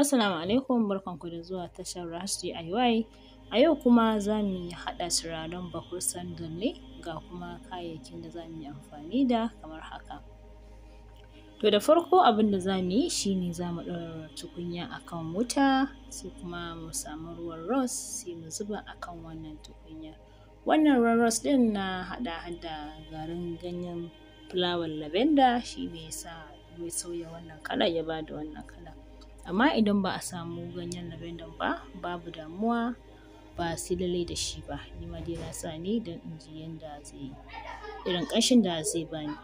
Assalamu alaikum barkanku da zuwa tashar RashDIY. A yau kuma za mu yi haɗa turaren bakur sandal ne ga kuma kayayyakin da za mu yi amfani da kamar haka. To da farko abin da za mu yi shi ne za mu ɗora tukunya a kan wuta sai kuma mu samu ruwan ros sai mu zuba a kan wannan tukunya. Wannan ruwan ros ɗin na haɗa da garin ganyen fulawar lavenda shi ne ya sa ya sauya wannan kala ya ba da wannan kala. Amma idan ba a samu ganyen lavender ba babu damuwa ba sai lallai da shi ba. Ni ma dai na sa ne don in ji yadda zai yi, irin ƙashin da zai bani.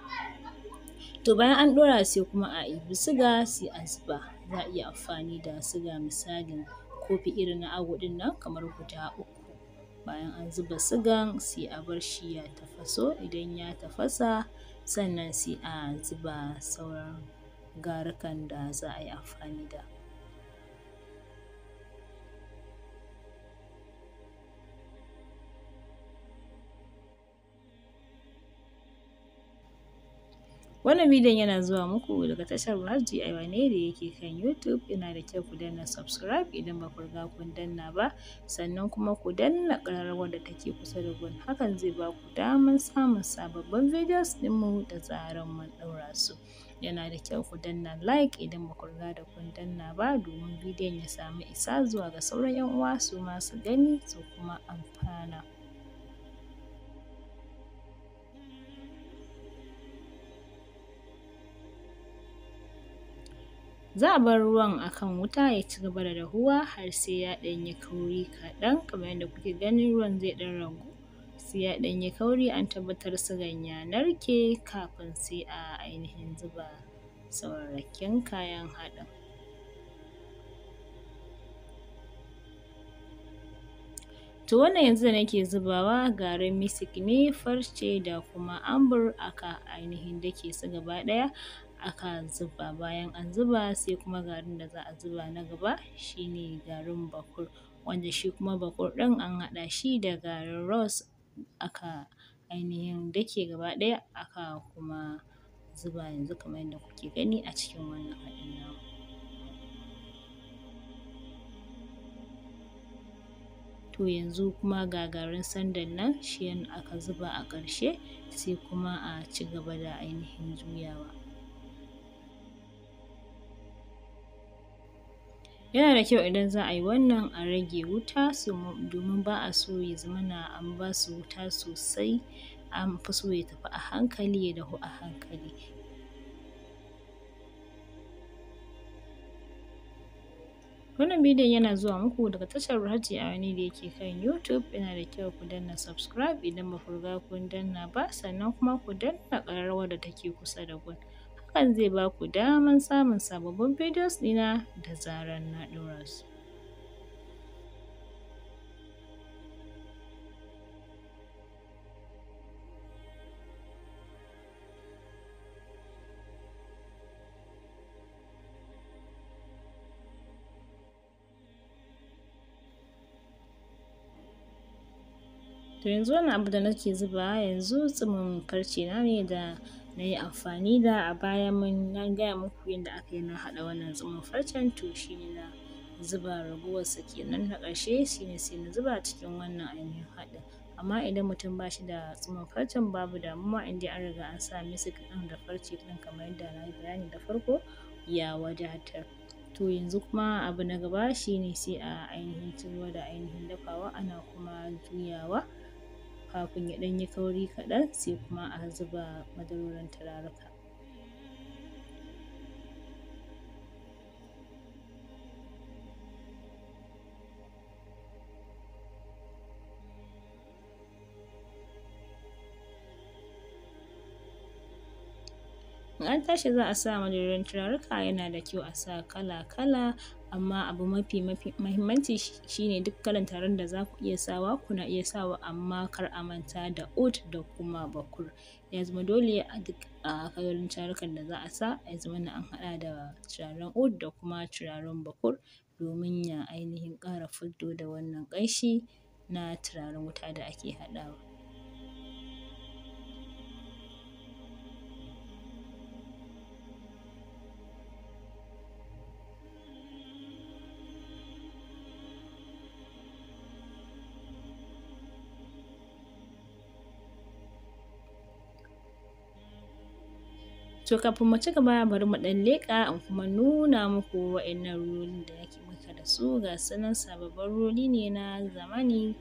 To bayan an ɗora sai kuma a ibi suga sai a zuba. Za a iya amfani da suga misalin kofi irin na awo ɗin nan kamar guda uku. Bayan an zuba sugan sai a bar shi ya tafaso. Idan ya tafasa sannan sai a zuba sauran garukan da za a yi amfani da. Wannan bidiyon yana zuwa muku daga tashar Alhaji Aiwane da yake kan YouTube. Yana da kyau ku danna subscribe idan ba ku riga kun danna ba, sannan kuma ku danna ƙararrawar da take kusa da gun. Hakan zai ba ku damar samun sababbin videos ɗinmu da tsarin mun ɗaura su. Yana da kyau ku danna like idan ba ku riga da kun danna ba domin bidiyon ya samu isa zuwa ga sauran 'yan uwa su masu gani su kuma amfana. Za a bar ruwan a kan wuta ya ci gaba da dahuwa har sai ya ɗan yi kauri kaɗan kamar yadda kuke ganin ruwan zai ɗan ragu. Sai ya ɗan kauri an tabbatar sugan ya narke kafin sai a ainihin zuba sauran kayan haɗin. To wannan yanzu da nake zubawa garin misik ne, farce da kuma ambur aka ainihin dake su gaba ɗaya aka zuba bayan an zuba sai kuma garin da za a zuba na gaba shine garin bakur wanda shi kuma bakur ɗin an haɗa shi da garin ros aka ainihin dake gaba ɗaya aka kuma zuba yanzu kamar yadda kuke gani a cikin wannan haɗin namu. to yanzu kuma ga garin sandan nan shi aka zuba a ƙarshe sai kuma a ci gaba da ainihin juyawa. yana da kyau idan za a yi wannan a rage wuta domin ba a so ya zamana an ba su wuta sosai an fi so ya tafi a hankali ya dahu a hankali. Wannan bidiyon yana zuwa muku daga tashar a wani da yake kan YouTube. Yana da kyau ku danna subscribe idan ba ku riga kun danna ba, sannan kuma ku danna ƙararrawar da take kusa da gun. hakan zai ba ku daman samun sababbin bidiyos ɗina da zarar na ɗora su. to yanzu wani abu da nake zuba yanzu tsimin farce na ne da na yi amfani da a baya mun na gaya muku yadda aka yi na haɗa wannan tsumar farcen to shi ne na zuba sa kenan na ƙarshe shi ne sai na zuba cikin wannan ainihin haɗin amma idan mutum ba shi da tsumar farcen babu damuwa inda an riga an sa masa kaɗan da farce kaɗan kamar yadda na yi bayani da farko ya wadatar to yanzu kuma abu na gaba shi ne sai a ainihin ciro da ainihin dafawa ana kuma juyawa kafin ya ɗan yi kauri kaɗan sai kuma a zuba madarorin turaruka in an tashi za a sa madarorin turaruka yana da kyau a sa kala-kala amma abu mafi mahimmanci shine duk kalan taron da za ku iya sawa kuna iya sawa amma kar a manta da oud da kuma bakur ya zama dole a duk a kalolin tarukan da za a sa ya zama na an haɗa da turaren oud da kuma turaren bakur domin ya ainihin kara fuddo da wannan ƙanshi na turaren wuta da ake haɗawa to kafin mu gaba bari mu ɗan leƙa in kuma nuna muku wa'innan rolin da yake muka da su ga su nan sababbin roli ne na zamani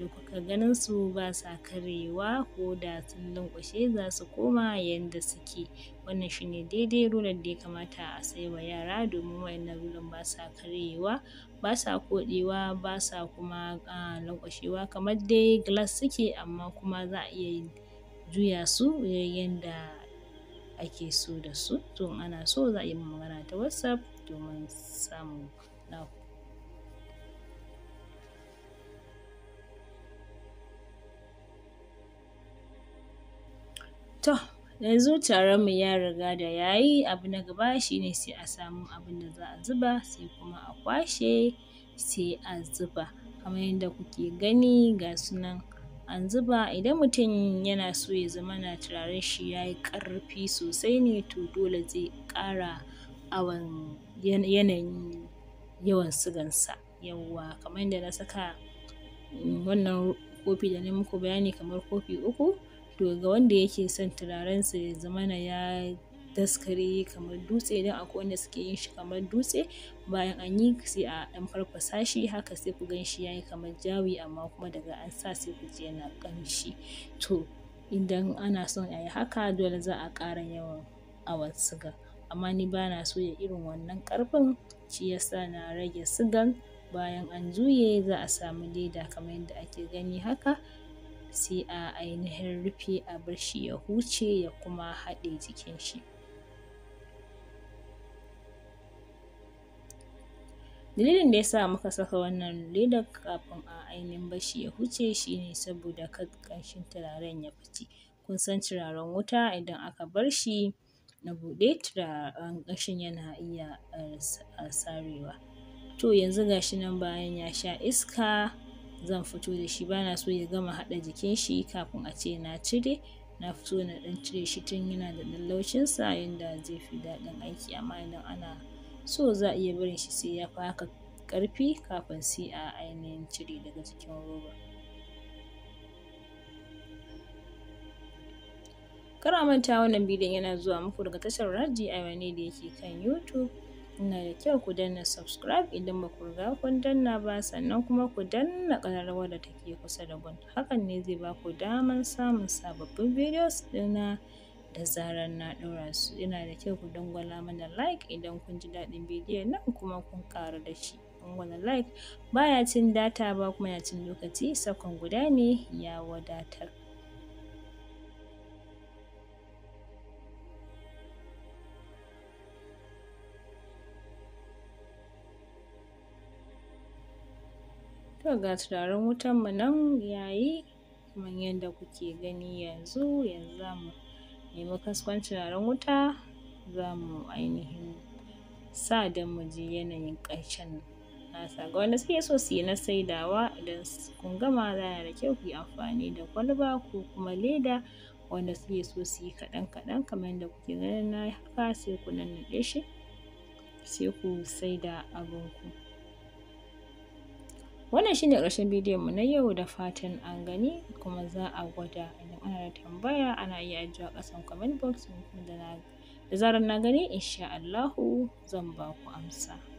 da kuka ganin su ba sa karyewa ko da sun lankwashe za su koma yadda suke wannan shi ne daidai rular da ya kamata a sai wa yara domin wa'innan rular ba sa karyewa ba sa koɗewa ba sa kuma lankwashewa kamar dai glass suke amma kuma za a iya juya su yadda ake so da su to ana so za a yi magana ta whatsapp domin samu naku to yanzu mu ya riga da ya yi abu na gaba shine sai a samu abin da za a zuba sai kuma a kwashe sai a zuba kamar yadda kuke gani ga sunan. an zuba idan mutum yana so ya zamana turaren shi ya yi ƙarfi sosai ne to dole zai ƙara awon yanayin yawan sigansa yawa, yawwa kamar yadda na saka mm, wannan kofi da muku bayani kamar kofi uku to ga wanda yake son turaren sa ya zamana ya daskare kamar dutse don akwai wanda suke yin shi kamar dutse bayan an yi sai a ɗan farfasa shi haka sai ku gan shi ya yi kamar jawi amma kuma daga an sa sai ku je yana ƙamshi to idan ana son a yi haka dole za a ƙara yawan awon suga amma ni ba na so ya irin wannan ƙarfin shi yasa na rage sigan bayan an juye za a samu leda kamar yadda ake gani haka sai a ainihin rufe a bar shi ya huce ya kuma haɗe jikin shi dalilin da ya sa muka saka wannan leda kafin a ainihin bashi ya huce shine saboda kar ƙanshin turaren ya fice kun san turaren wuta idan aka bar shi na buɗe turaren kashin yana iya eh, sarewa to yanzu gashi nan bayan ya sha iska zan fito da shi bana so ya gama haɗa jikin shi kafin a ce na cire na fito na ɗan cire shi tun yana da ɗan laushinsa yanda zai fi daɗin aiki amma idan ana so za a iya barin shi sai ya faka karfi ƙarfi kafin sai a ainihin cire daga cikin roba kar a manta wannan bidiyon yana zuwa muku daga tashar raji a wani da yake kan youtube ina da kyau ku danna subscribe idan ba ku riga kun danna ba sannan kuma ku danna ƙararrawar da take kusa da gun hakan ne zai ba ku damar samun sababbin videos na da zarar na ɗora su yana da kyau ku dangwala mana like idan kun ji daɗin bidiyon nan kuma kun ƙara da shi dangwala like baya cin data ba kuma ya cin lokaci sakon guda ne ya wadatar to ga turaren wutan mu nan yayi kamar yadda kuke gani yanzu yanzu zamu nemi kaskon turaren wuta za mu ainihin sa don mu ji yanayin ƙarshen nasa ga wanda suke so su yi na saidawa idan kun gama yana da kyau ku yi amfani da kwalba ko kuma leda wanda suke so su yi kaɗan kaɗan kamar yadda kuke ganin na haka sai ku nannaɗe shi sai ku saida abinku. Wannan shine ƙarshen bidiyon mu na yau da fatan an gani kuma za a gwada idan ana da tambaya ana iya a ƙasan comment box da da zarar na gani insha Allahu zan ba ku amsa.